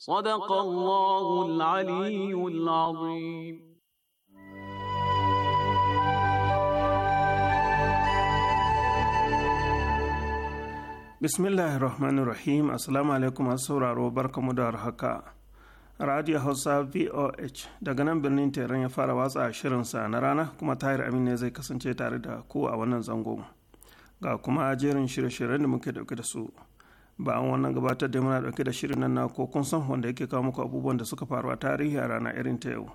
صدق الله العلي العظيم بسم الله الرحمن الرحيم السلام masu sauraro barkamu da haka radio hausa voh daga nan birnin teran ya fara watsa shirin sa na rana kuma tahir amin ne zai kasance tare da ku a wannan zango ga kuma jerin shirye-shiryen da muke dauke da su ba an wannan gabatar da muna dauke da shirin nan na ko kun san wanda yake kawo muku abubuwan da suka faru a tarihi a rana irin ta yau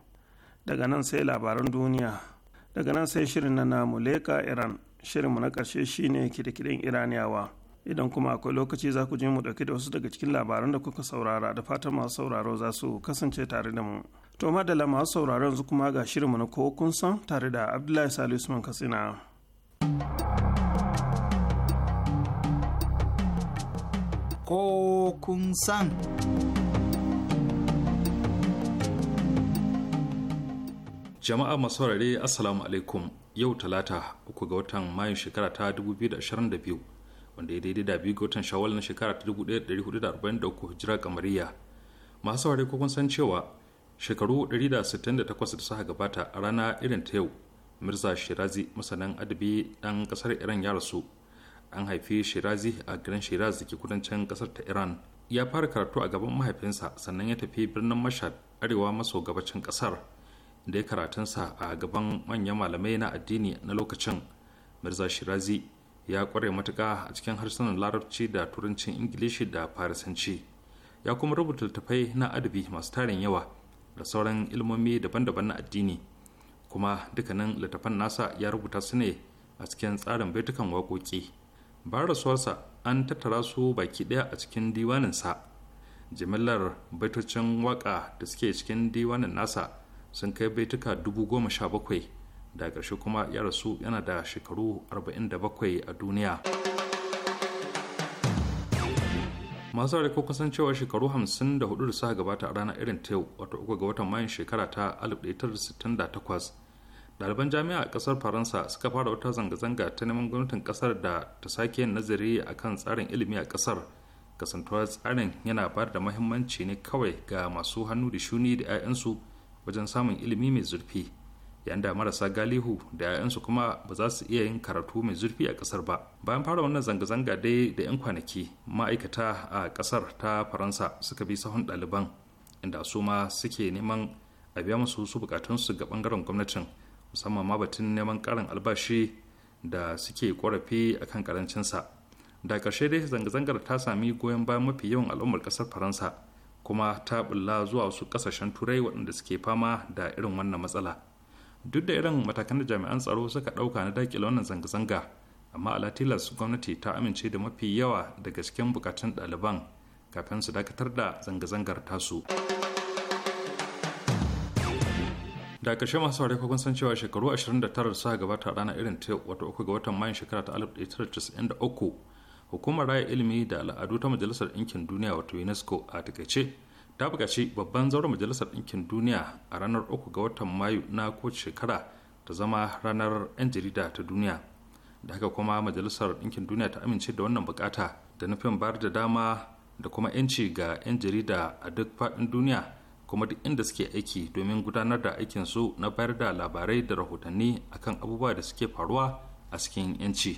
daga nan sai labaran duniya daga nan sai shirin nan na muleka iran shirin mu na karshe shine kidikidin iraniyawa idan kuma akwai lokaci za ku je mu dauke da wasu daga cikin labaran da kuka saurara da fatan masu sauraro za su kasance tare da mu to madalla masu sauraro yanzu kuma ga shirin mu na ko kun san tare da abdullahi salisu man katsina ko kun san. Jama'a masu saurare Assalamu alaikum yau talata uku ga watan mayu shekara ta 2022 wanda ya daidai da biyu ga watan shawal na shekara ta 1443 hijira kamariya. Masu saurare kun san cewa shekaru 168 da suka gabata a rana irin ta yau Mirza Shirazi masanin adabi ɗan ƙasar Iran ya rasu an haifi shirazi a garin shiraz da ke kudancin kasar ta iran ya fara karatu a gaban mahaifinsa sannan ya tafi birnin mashhad arewa maso gabacin kasar da ya karatunsa a gaban manyan malamai na addini na lokacin mirza shirazi ya kware matuka a cikin harsunan larabci da turancin ingilishi da farisanci ya kuma rubuta littattafai na adabi masu tarin yawa da sauran ilmomi daban-daban na addini kuma dukkanin littattafan nasa ya rubuta su ne a cikin tsarin baitukan waƙoƙi bayan rasuwarsa an tattara su baki ɗaya a cikin diwaninsa jimillar baitocin waka da suke cikin diwanin nasa sun kai baituka dubu goma sha bakwai da ƙarshe kuma ya rasu yana da shekaru 47 a duniya masu rarrako kusan cewa shekaru 54 da suka gabata a ranar irin ta yau uku ga watan mayan shekara ta 1968 ɗaliban jami'a a ƙasar faransa suka fara wata zanga-zanga ta neman gwamnatin ƙasar da ta sake yin nazari a kan tsarin ilimi a ƙasar kasantuwar tsarin yana ba da mahimmanci ne kawai ga masu hannu da shuni da 'ya'yansu wajen samun ilimi mai zurfi yayin da marasa galihu da 'ya'yansu kuma ba za su iya yin karatu mai zurfi a ƙasar ba bayan fara wannan zanga-zanga dai da 'yan kwanaki ma'aikata a ƙasar ta faransa suka bi sahun ɗaliban inda su ma suke neman a biya musu su bukatunsu ga ɓangaren gwamnatin musamman ma batun neman karin albashi da suke korafi a kan karancinsa da karshe dai zanga-zangar ta sami goyon bayan mafi yawan al'ummar ƙasar faransa kuma ta bulla zuwa wasu ƙasashen turai waɗanda suke fama da irin wannan matsala duk da irin matakan da jami'an tsaro suka ɗauka na daƙile wannan zanga-zanga amma ala tilas gwamnati ta amince da mafi yawa daga cikin bukatun ɗaliban kafin su dakatar da zanga-zangar tasu. da ƙarshe masu saurari kun san cewa shekaru 29 suka gabata rana irin ta wato uku ga watan mayun shekara ta 1993 hukumar raya ilimi da al'adu ta majalisar ɗinkin duniya wato unesco a takaice ta buƙaci babban zauren majalisar ɗinkin duniya a ranar uku ga watan mayu na kowace shekara ta zama ranar 'yan jarida ta duniya da haka kuma majalisar ɗinkin duniya ta amince da wannan buƙata da nufin bayar da dama da kuma 'yanci ga 'yan jarida a duk faɗin duniya kuma duk inda suke aiki domin gudanar da aikin su na bayar da labarai da rahotanni akan abubuwa da suke faruwa a cikin 'yanci.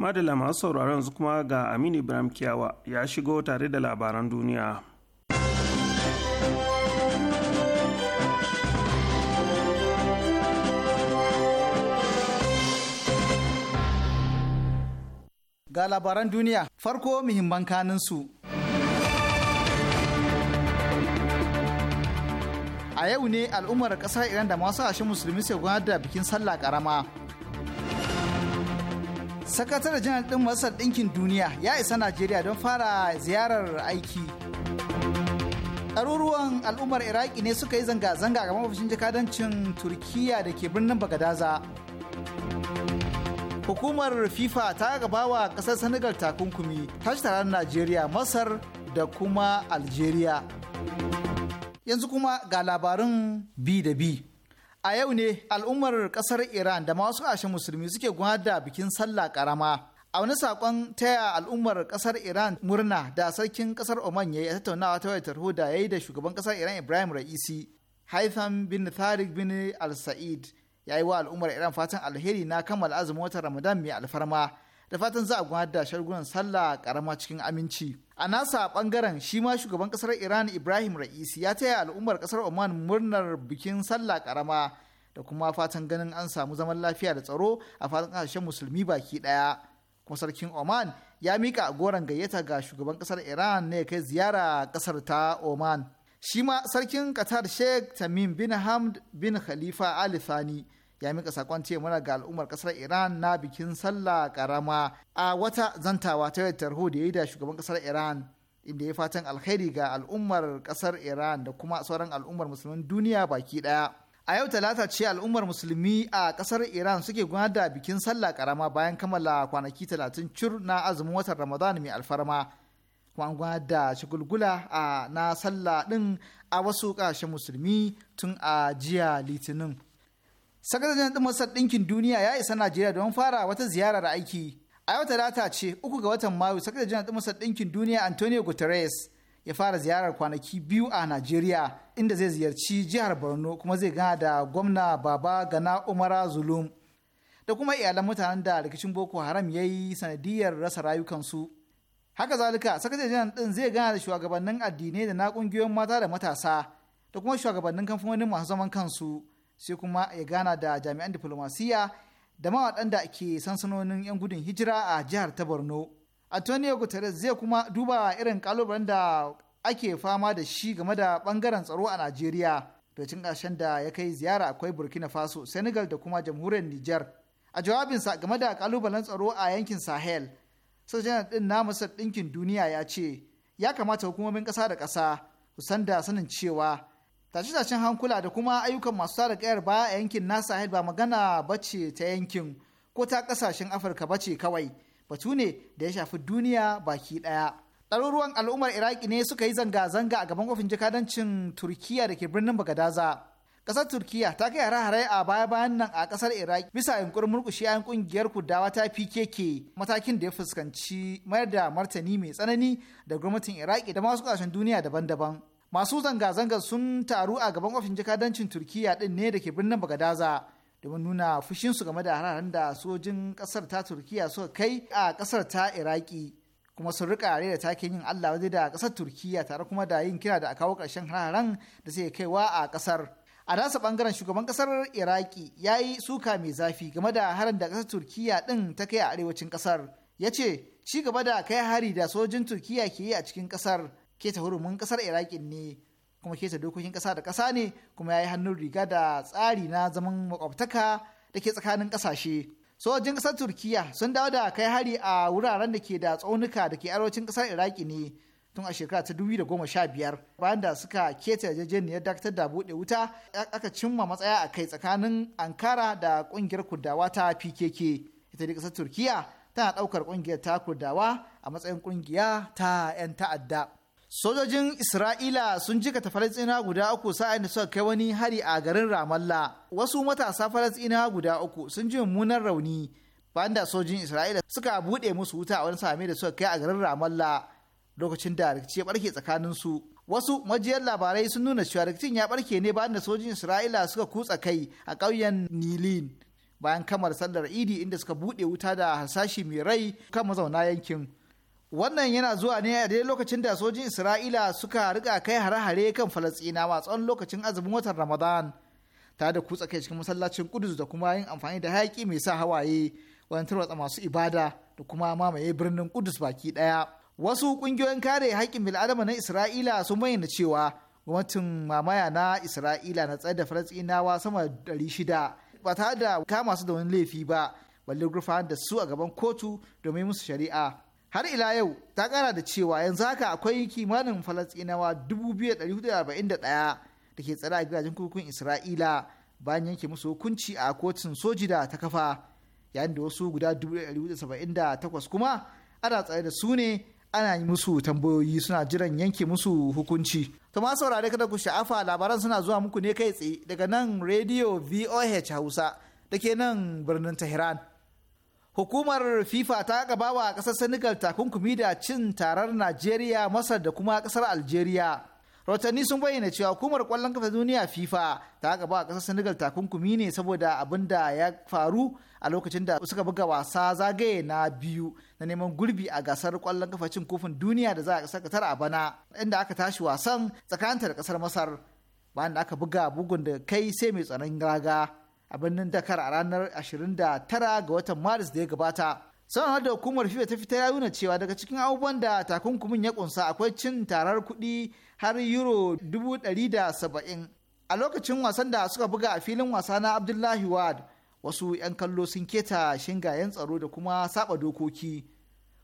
madala masu sauraron su kuma ga aminu ibrahim kiyawa ya shigo tare da labaran duniya ga labaran duniya farko muhimman kanin a yau ne al'ummar ƙasar iran da masu hashe musulmi sai gudanar da bikin sallah karama sakataren janar ɗin masar ɗinkin duniya ya isa najeriya don fara ziyarar aiki ɗaruruwan al'ummar iraki ne suka yi zanga-zanga ga mafashin jakadancin turkiya da ke birnin bagadaza hukumar fifa ta gaba wa ƙasar senegal takunkumi shi taron najeriya masar da kuma algeria yanzu kuma ga labarin bi da bi a yau ne al'ummar kasar iran da wasu ashe musulmi suke gwada bikin sallah karama a wani saƙon taya al'ummar kasar iran murna da sarkin kasar oman ya yi a tattaunawa ta wayar tarho da ya yi da shugaban kasar iran ibrahim ra'isi haitham bin tharik bin al-sa'id ya yi wa al'ummar iran fatan alheri na kammala azumin watan ramadan mai alfarma da fatan za a gudanar da shagunan sallah karama cikin aminci a nasa bangaren shi ma shugaban kasar iran ibrahim ra'isi ya taya al'ummar kasar oman murnar bikin sallah karama da kuma fatan ganin an samu zaman lafiya da tsaro a fatan kasashen musulmi baki daya kuma sarkin oman ya mika goron gayyata ga shugaban kasar iran ne kai ziyara kasar ta oman shi ma sarkin qatar sheikh tamim bin hamd bin khalifa al thani ya mika sakon ce mana ga al'ummar kasar iran na bikin sallah karama a wata zantawa ta yadda tarho da ya yi da shugaban kasar iran inda ya fatan alkhairi ga al'ummar kasar iran da kuma sauran al'ummar musulmin duniya baki daya a yau talata ce al'ummar musulmi a kasar iran suke gudanar da bikin sallah karama bayan kammala kwanaki talatin cur na azumin watan ramadan mai alfarma kuma an gudanar da shagulgula a na sallah din a wasu ƙasashen musulmi tun a jiya litinin sakataren masar ɗinkin duniya ya isa najeriya don fara wata ziyarar aiki a yau talata ce uku ga watan mayu sakataren masar ɗinkin duniya antonio guterres ya fara ziyarar kwanaki biyu a najeriya inda zai ziyarci jihar borno kuma zai gana da gwamna baba gana umara zulum da kuma iyalan mutanen da rikicin boko haram ya yi sanadiyar rasa rayukansu haka zalika sakataren ɗin zai gana da shugabannin addinai da na ƙungiyoyin mata da matasa da kuma shugabannin kamfanonin masu zaman kansu sai kuma ya gana da jami'an diflomasiyya da ma da ke sansanonin 'yan gudun hijira a jihar ta borno antonio guterres zai kuma duba irin kalubalen da ake fama da shi game da bangaren tsaro a najeriya da cin ƙarshen da ya kai ziyara akwai burkina faso senegal da kuma jamhuriyar niger a jawabinsa game da kalubalen tsaro a yankin sahel sojan ɗin na masar ɗinkin duniya ya ce ya kamata hukumomin ƙasa da ƙasa su san da sanin cewa tashe-tashen hankula da kuma ayyukan masu sa da kayar baya a yankin nasa ba magana bace ta yankin ko ta kasashen afirka bace kawai batu ne da ya shafi duniya baki daya ɗaruruwan al'ummar iraki ne suka yi zanga-zanga a gaban ofin jakadancin turkiya da ke birnin bagadaza ƙasar turkiya ta kai hare-hare a baya-bayan nan a ƙasar iraki bisa yunkurin murkushe yan ƙungiyar kudawa ta pkk matakin da ya fuskanci mayar da martani mai tsanani da gwamnatin iraki da masu ƙasashen duniya daban-daban masu zanga-zanga sun taru a gaban ofishin jakadancin turkiya din ne da ke birnin bagadaza domin nuna fushin su game da hararen da sojin kasar ta turkiya suka kai a kasar ta iraki kuma sun rika da taken yin allah waje da kasar turkiya tare kuma da yin kira da a kawo karshen hararen da suke kaiwa a kasar a nasa bangaren shugaban kasar iraki ya yi suka mai zafi game da harin da kasar turkiya din ta kai a arewacin kasar ya ce ci gaba da kai hari da sojin turkiya ke yi a cikin kasar keta hurumin kasar iraki ne kuma keta dokokin kasa da kasa ne kuma ya yi hannun riga da tsari na zaman makwabtaka da ke tsakanin kasashe sojojin kasar turkiya sun dawo da kai hari a wuraren da ke da tsaunuka da ke arewacin kasar iraki ne tun a shekara ta da goma sha biyar bayan da suka keta yarjejeniyar dakatar da buɗe wuta aka cimma matsaya a kai tsakanin ankara da ƙungiyar kurdawa ta pkk ita dai kasar turkiya tana ɗaukar ƙungiyar ta kurdawa a matsayin ƙungiya ta 'yan ta'adda sojojin isra'ila sun jikata Falasina guda uku sa'in da suka kai wani hari a garin ramalla wasu matasa Falasina guda uku sun ji mummunan rauni bayan da sojojin isra'ila suka buɗe musu wuta a wani same da suka kai a garin ramallah lokacin da rikici ya barke tsakanin su wasu majiyar labarai sun nuna cewa rikicin ya barke ne bayan da sojojin isra'ila suka kutsa kai a ƙauyen nilin bayan kamar sallar idi inda suka buɗe wuta da harsashi mai rai kan mazauna yankin wannan yana zuwa ne a daidai lokacin da sojin isra'ila suka riga kai hare-hare kan falastinawa tsawon lokacin azumin watan ramadan Ta da kutsa kai cikin masallacin kudus da kuma yin amfani da hayaki mai sa hawaye wajen tarwatsa masu ibada da kuma mamaye birnin kudus baki daya wasu kungiyoyin kare haƙƙin bil'adama na isra'ila sun bayyana cewa gwamnatin mamaya na isra'ila na tsaye da falastinawa sama da shida. ba tare da kama su da wani laifi ba balle gurfa da su a gaban kotu domin musu shari'a har ila yau ta kara da cewa yanzu haka akwai kimanin falastinawa 2,441 da ke tsare a gidajen kurkukun isra'ila bayan yanke musu hukunci a kotun soji da ta kafa yayin da wasu guda 2,478 kuma ana tsare da su ne ana yi musu tambayoyi suna jiran yanke musu hukunci. To ma saurare kada ku sha'afa labaran suna zuwa muku ne kai tsaye daga nan Radio VOH Hausa da ke nan birnin Tehran. hukumar fifa ta gaba wa kasar senegal takunkumi da cin tarar najeriya masar da kuma kasar algeria rahotanni sun bayyana cewa hukumar kwallon kafa duniya fifa ta gaba wa kasar senegal takunkumi ne saboda abin da ya faru a lokacin da suka buga wasa zagaye na biyu na neman gurbi a gasar kwallon kafa cin kofin duniya da za a kasar katar a bana inda aka tashi wasan tsakantar da kasar masar bayan da aka buga bugun da kai sai mai tsaron raga a birnin dakar a ranar 29 ga watan maris da ya gabata sanarwar da hukumar fifa ta fita ya nuna cewa daga cikin abubuwan da takunkumin ya kunsa akwai cin tarar kuɗi har euro 170 a lokacin wasan da suka buga a filin wasa na abdullahi wad wasu 'yan kallo sun keta shingayen tsaro da kuma saba dokoki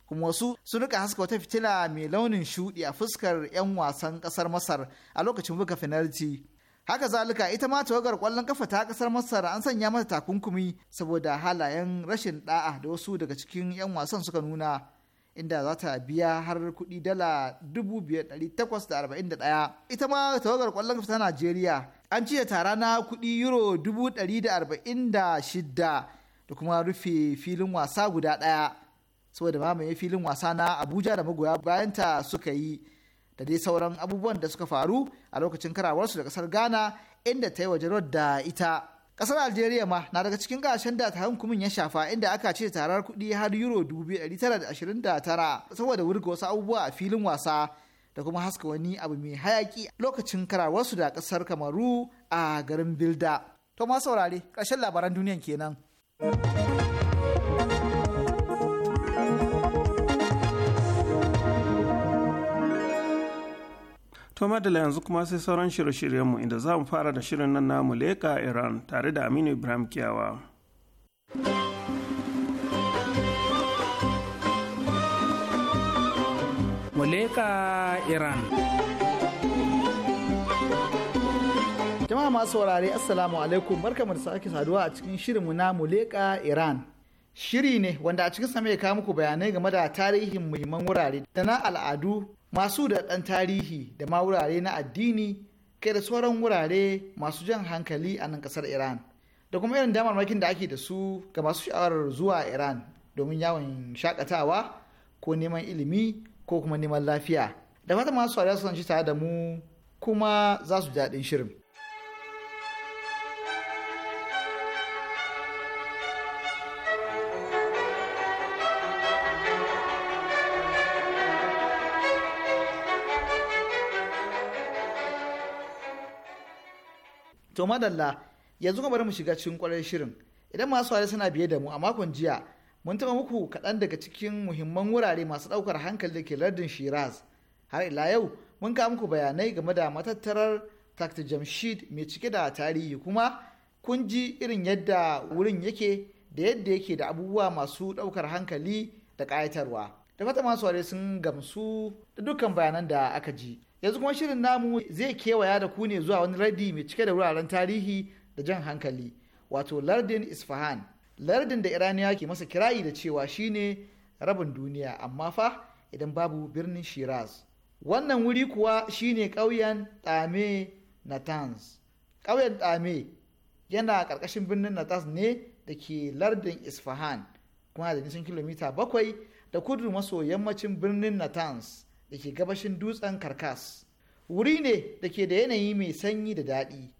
kuma wasu sun rika haska wata fitila mai launin shuɗi a fuskar 'yan wasan ƙasar masar a lokacin buga fenalti haka zalika ita ma tawagar kwallon kafa ta kasar masar an sanya mata takunkumi saboda halayen rashin da'a da wasu daga cikin 'yan wasan suka nuna inda za ta biya har kudi dala 5,841 ita ma tawagar kwallon kafa ta najeriya an ciye tara na kudi euro 146 da kuma rufe filin wasa guda daya saboda mamaye filin wasa na abuja da magoya bayanta suka yi da dai sauran abubuwan da suka faru a lokacin karawarsu da kasar ghana inda ta yi waje da ita kasar algeria ma na daga cikin kasashen da ta hankumin ya shafa inda aka ce tarar kuɗi har euro 2,929 saboda wurga wasu abubuwa a filin wasa da kuma haska wani abu mai hayaki lokacin karawarsu da kasar kamaru a garin bilda to ma saurare ƙarshen labaran duniyan kenan. To madala yanzu kuma sai sauran shirye-shiryenmu inda za mu fara da shirin nan namu leka Iran tare da Aminu Ibrahim Kiyawa. Muleka Iran. Jama'a masu saurare Assalamu alaikum barkamu da sake saduwa a cikin shirinmu na Muleka Iran. Shiri ne wanda a cikin sama mai kawo muku bayanai game da tarihin muhimman wurare da na al'adu masu da ɗan tarihi da ma wurare na addini kai da sauran wurare masu jan hankali a nan ƙasar iran da kuma irin damarmakin da ake da su ga masu sha'awar zuwa iran domin yawon shakatawa ko neman ilimi ko kuma neman lafiya da fata masu saurari su tare da mu kuma za su daɗin shirin. to madalla yanzu kuma bari mu shiga cikin kwarar shirin idan masu wari suna biye da mu a makon jiya mun taɓa muku kaɗan daga cikin muhimman wurare masu ɗaukar hankali da ke lardin shiraz har ila yau mun kawo muku bayanai game da matattarar takta jamshid mai cike da tarihi kuma kun ji irin yadda wurin yake da yadda yake da abubuwa masu ɗaukar hankali da ƙayatarwa da fata masu ware sun gamsu da dukkan bayanan da aka ji yanzu kuma shirin namu zai kewaya da ku ne zuwa wani lardi mai cike da wuraren tarihi da jan hankali wato lardin isfahan lardin da iraniya ke masa kirayi da cewa shine rabin duniya amma fa idan babu birnin shiraz wannan wuri kuwa shine ƙauyen ɗame natanz ƙauyen ɗame yana ƙarƙashin birnin natanz ne da ke lardin isfahan kuma da nisan kilomita bakwai da kudu maso yammacin birnin natanz da ke gabashin dutsen karkas wuri ne da ke da yanayi mai sanyi da daɗi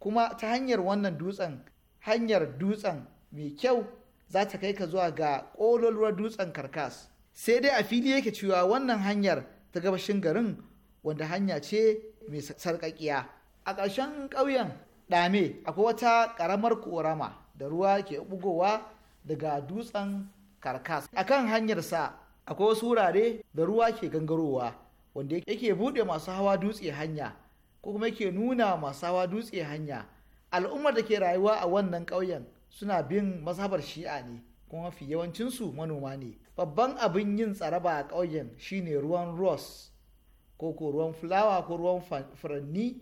kuma ta hanyar wannan dutsen hanyar dutsen mai kyau za ta kai ka zuwa ga ƙololuwar dutsen karkas sai dai a fili yake cewa wannan hanyar ta gabashin garin wanda hanya ce mai sarƙaƙiya a ƙarshen ƙauyen ɗame akwai wata ƙaramar ƙorama da ruwa ke bugowa daga dutsen karkas akan sa akwai wasu wurare da ruwa ke gangarowa wanda yake buɗe masu hawa dutse hanya ko kuma yake nuna masu hawa dutse hanya al'ummar da ke rayuwa a wannan ƙauyen suna bin mazhabar shi'a ne kuma mafi yawancinsu manoma ne babban abin yin tsaraba a ƙauyen shine ruwan ros ko ko ruwan fulawa ko ruwan furanni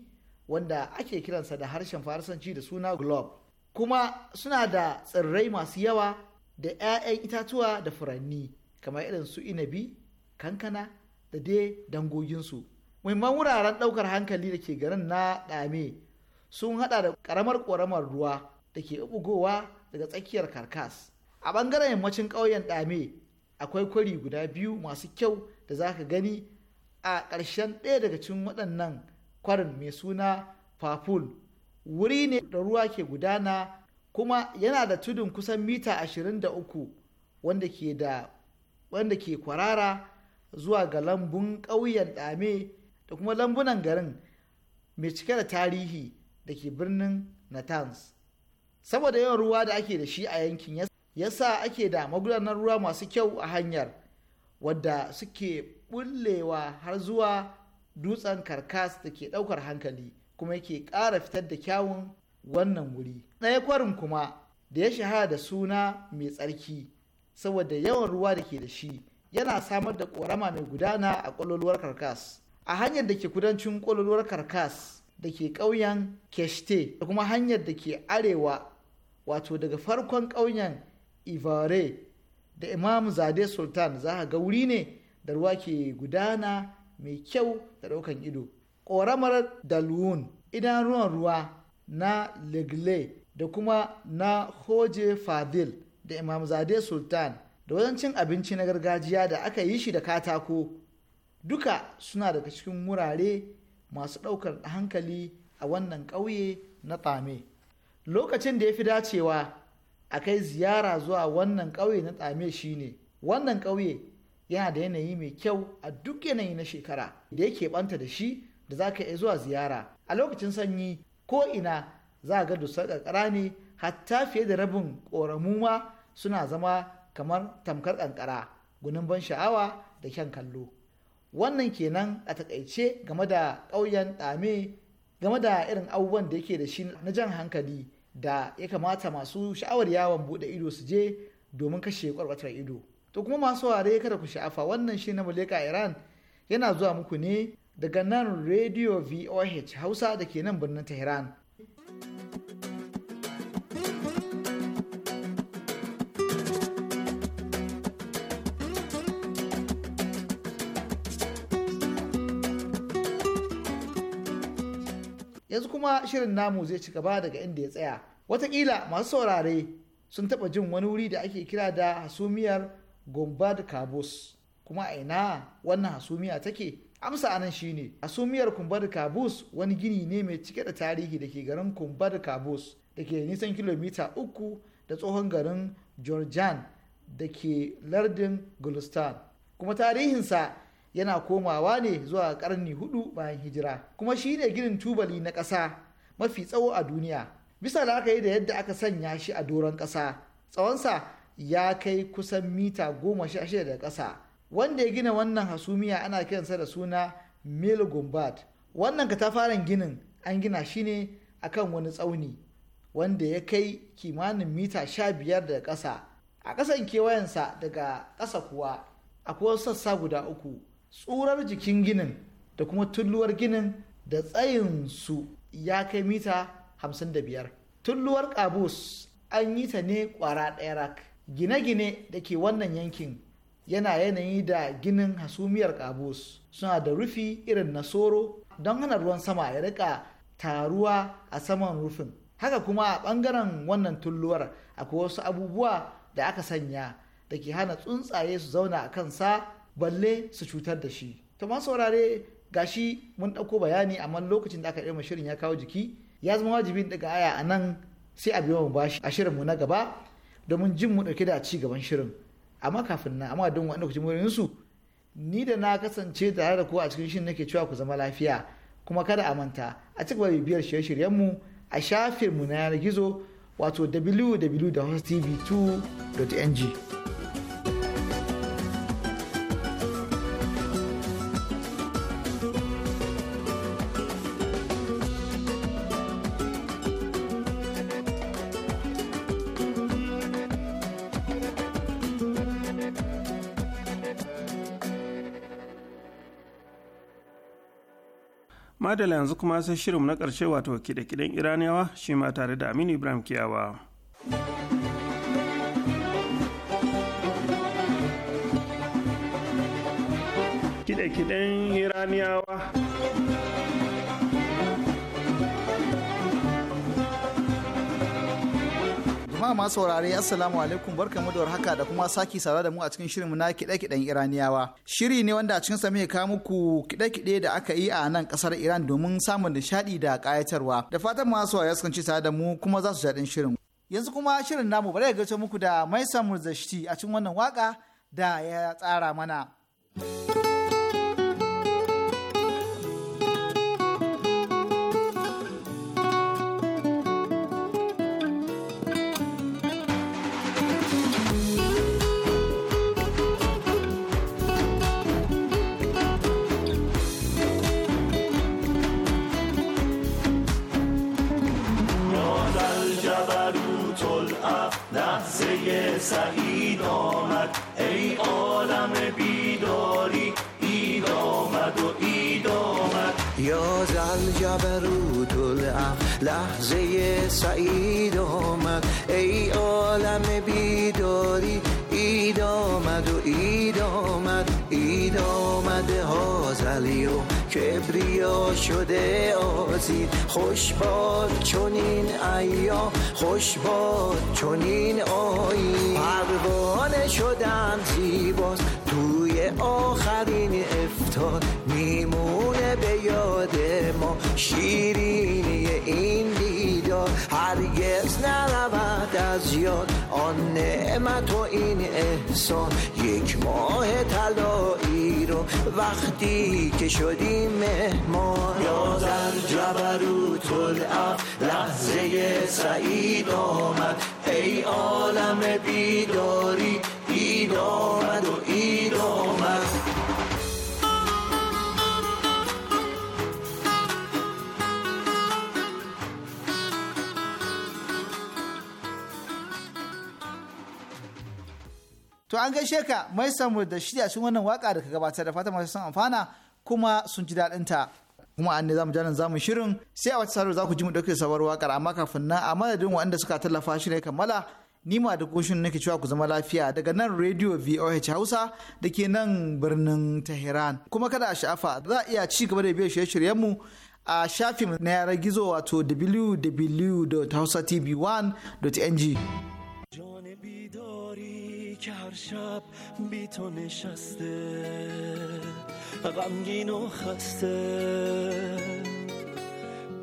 wanda ake kiransa da harshen farisanci da suna globe kuma suna da tsirrai masu yawa da 'ya'yan itatuwa da furanni kamar irin su inabi kankana da dai dangoginsu muhimman wuraren ɗaukar hankali da ke garin na ɗame sun haɗa da karamar ƙoramar ruwa da ke ubugowa daga tsakiyar karkas a ɓangaren yammacin ƙauyen ɗame akwai kwari guda biyu masu kyau da za ka gani a ƙarshen ɗaya daga cikin waɗannan kwarin mai suna papul wuri ne da ruwa ke gudana kuma yana da tudun kusan mita 23 wanda ke da wanda ke kwarara zuwa ga lambun ƙauyen ɗame da kuma lambunan garin mai cike da tarihi da ke birnin Natans. Saboda yawan ruwa da ake da shi a yankin ya sa ake da magudanar ruwa masu kyau a hanyar wadda suke bullewa har zuwa dutsen karkas da ke ɗaukar hankali kuma yake ƙara fitar da kyawun wannan wuri. Ɗaya kwarin kuma da ya shahara da suna mai tsarki saboda yawan ruwa da ke da shi yana samar da ƙorama mai gudana a ƙwaloluwar karkas a hanyar da ke kudancin ƙwaloluwar karkas da ke ƙauyen keshte da kuma hanyar da ke arewa wato daga farkon ƙauyen ivare da imam zade sultan za ga wuri ne da ruwa ke gudana mai kyau da ɗaukan ido ƙoramar dalwun idan ruwan ruwa na legle da kuma na hoje fadil da imam zade sultan da wajen cin abinci na gargajiya da aka yi shi da katako duka suna daga cikin wurare masu ɗaukar hankali a wannan ƙauye na tsame lokacin da ya fi dacewa a kai ziyara zuwa wannan ƙauye na tsame ne. wannan ƙauye yana da yanayi mai kyau a duk yanayi na shekara da yake banta da shi da za ka iya zuwa ziyara a lokacin sanyi ko ina za ga dusar ƙarƙara ne hatta fiye da rabin ƙoramu ma suna zama kamar tamkar kankara gunin ban sha'awa da kyan kallo wannan kenan a takaice game da ƙauyen ɗame game da irin abubuwan da yake da shi na jan hankali da ya kamata masu sha'awar yawon buɗe ido su je domin kashe kwarbatar ido to kuma masu ware kada ku sha'afa wannan shi na muleka iran yana zuwa muku ne daga nan radio voh hausa da ke nan birnin tehran yanzu kuma shirin namu zai ci gaba daga inda ya tsaya watakila masu saurare sun taɓa jin wani wuri da ake kira da hasumiyar gombad kabus kuma a ina wannan hasumiya take amsa anan shine hasumiyar kumbad kabus wani gini ne mai cike da tarihi da ke garin kumbad kabus da ke nisan kilomita uku da tsohon garin georgian da ke lardin gulistan kuma tarihinsa yana komawa ne zuwa karni hudu bayan hijira kuma shi ne ginin tubali na ƙasa mafi tsawo a duniya bisa da aka yi da yadda aka sanya shi a doron ƙasa tsawonsa ya kai kusan mita goma sha shida da ƙasa wanda ya gina wannan hasumiya ana kiransa da suna mil gumbat wannan katafaren ginin an gina shi ne kan wani tsauni wanda ya kai kimanin mita sha biyar da ƙasa a ƙasan kewayensa daga ƙasa kuwa akwai sassa guda uku tsurar jikin ginin da kuma tulluwar ginin da tsayin su ya kai mita 55 tulluwar kabus an yi ta ne kwara ɗaya rak gine-gine da ke wannan yankin yana yanayi da ginin hasumiyar kabus suna da rufi irin na soro don hana ruwan sama ya rika taruwa a saman rufin haka kuma a ɓangaren wannan tulluwar akwai wasu abubuwa da aka sanya da ke hana tsuntsaye su zauna a kansa balle su cutar da shi to ma saurare gashi mun ɗauko bayani amma lokacin da aka ɗaya shirin ya kawo jiki ya zama wajibin daga aya a nan sai a biyo mu bashi a shirinmu na gaba domin jin mu ɗauke da ci gaban shirin amma kafin nan amma don wani lokacin murin su ni da na kasance tare da ku a cikin shirin nake cewa ku zama lafiya kuma kada a manta a ci gaba bibiyar shirye-shiryenmu a shafinmu na yanar gizo wato www.hostv2.ng madala yanzu kuma sai shirin na ƙarshe wato kiɗe-kiɗen iraniyawa shi ma tare da aminu ibrahim kiyawa kiɗe-kiɗen iraniyawa jama'a masu saurare assalamu alaikum barkamu da haka da kuma saki saza da mu a cikin mu na kiɗe-kiɗen iraniyawa shiri ne wanda a cikin sa muke kawo muku kiɗe-kiɗe da aka yi a nan kasar iran domin samun nishaɗi da kayatarwa da fatan masu saurare su kanci tare da mu kuma za su jaɗin shirin yanzu kuma shirin namu bari ga gaci muku da mai samu murzashti a cikin wannan waka da ya tsara mana. خوش باد این ایام خوش باد این آیی پروانه شدم زیباست توی آخرین افتاد میمونه به یاد ما شیرینی این دیدار هرگز نرود از یاد آن نعمت و این احسان یک ماه طلا وقتی که شدیم مهمان یادم جبروت العف لحظه سعید آمد ای عالم بیداری اید آمد و اید to an gaishe ka mai samu da shi a wannan waka da ka gabatar da fatan masu san amfana kuma sun ji daɗin ta kuma an ne zamu janan zamu shirin sai a wata sarar za ku ji mu dauke sabar wakar amma kafin nan a madadin waɗanda suka tallafa shi ne kammala ni ma da goshin nake cewa ku zama lafiya daga nan radio VOH Hausa da ke nan birnin Tehran kuma kada a sha'afa za a iya ci gaba da biyan shirye-shiryen mu a shafin na yanar gizo wato www.hausatv1.ng که هر شب بی تو نشسته غمگین و خسته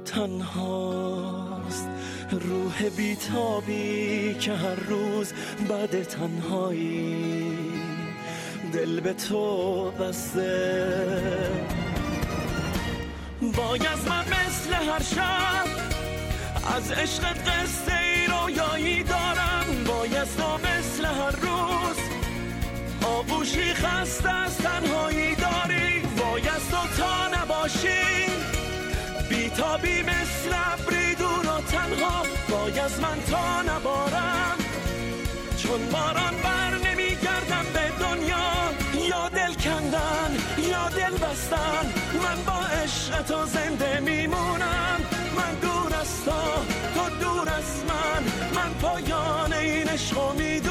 تنهاست روح بیتابی که هر روز بعد تنهایی دل به تو بسته وای از من مثل هر شب از عشق قصه ای رویایی دارم باید تو خوشی خست از تنهایی داری از تو تا نباشی بیتابی مثل ابری دور و تنها وای از من تا نبارم چون باران بر نمیگردم به دنیا یا دل کندن یا دل بستن من با عشق تو زنده میمونم من دور از تو تو دور از من من پایان این عشق میدونم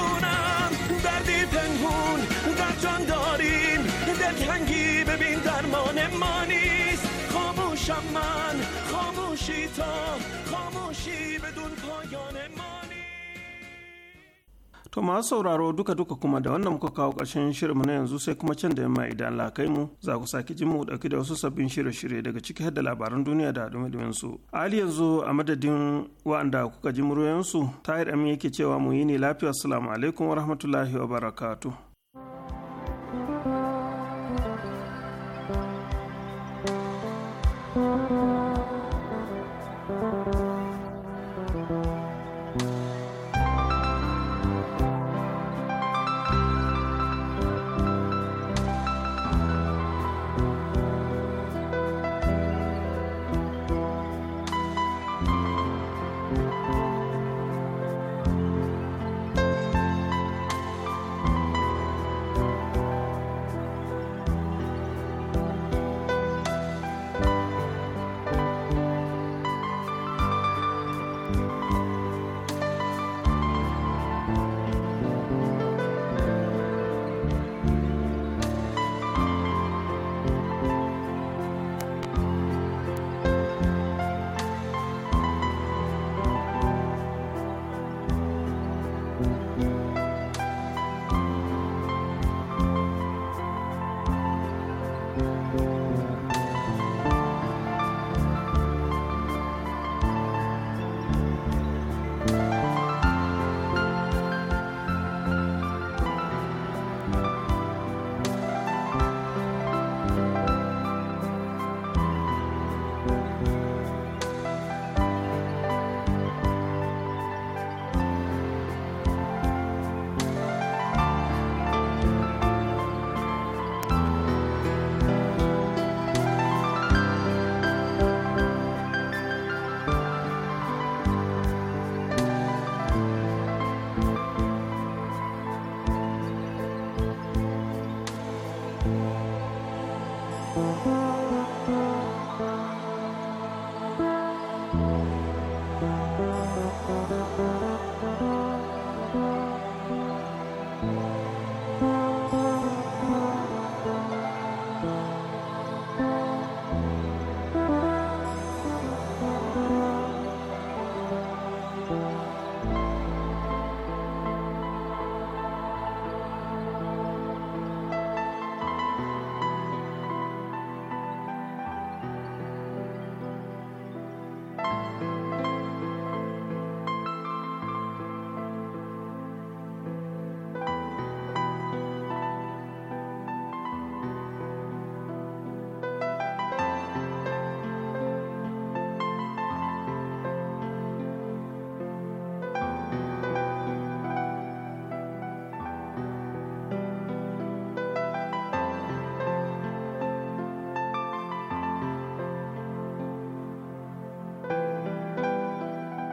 درمان داریم دلتنگی ببین درمان ما نیست خاموشم من خاموشی تا خاموشی بدون پایان ما To masu sauraro duka-duka kuma da wannan muka kawo ƙarshen shirinmu na yanzu sai kuma can da yamma idan lakai mu za ku sake jin mu dauki da wasu sabbin shirye-shirye daga ciki da labaran duniya da dumi su. Ali yanzu a madadin wa'anda kuka ji muryoyinsu Tahir Amin yake cewa mu yi ne lafiya assalamu alaikum wa rahmatullahi wa barakatu.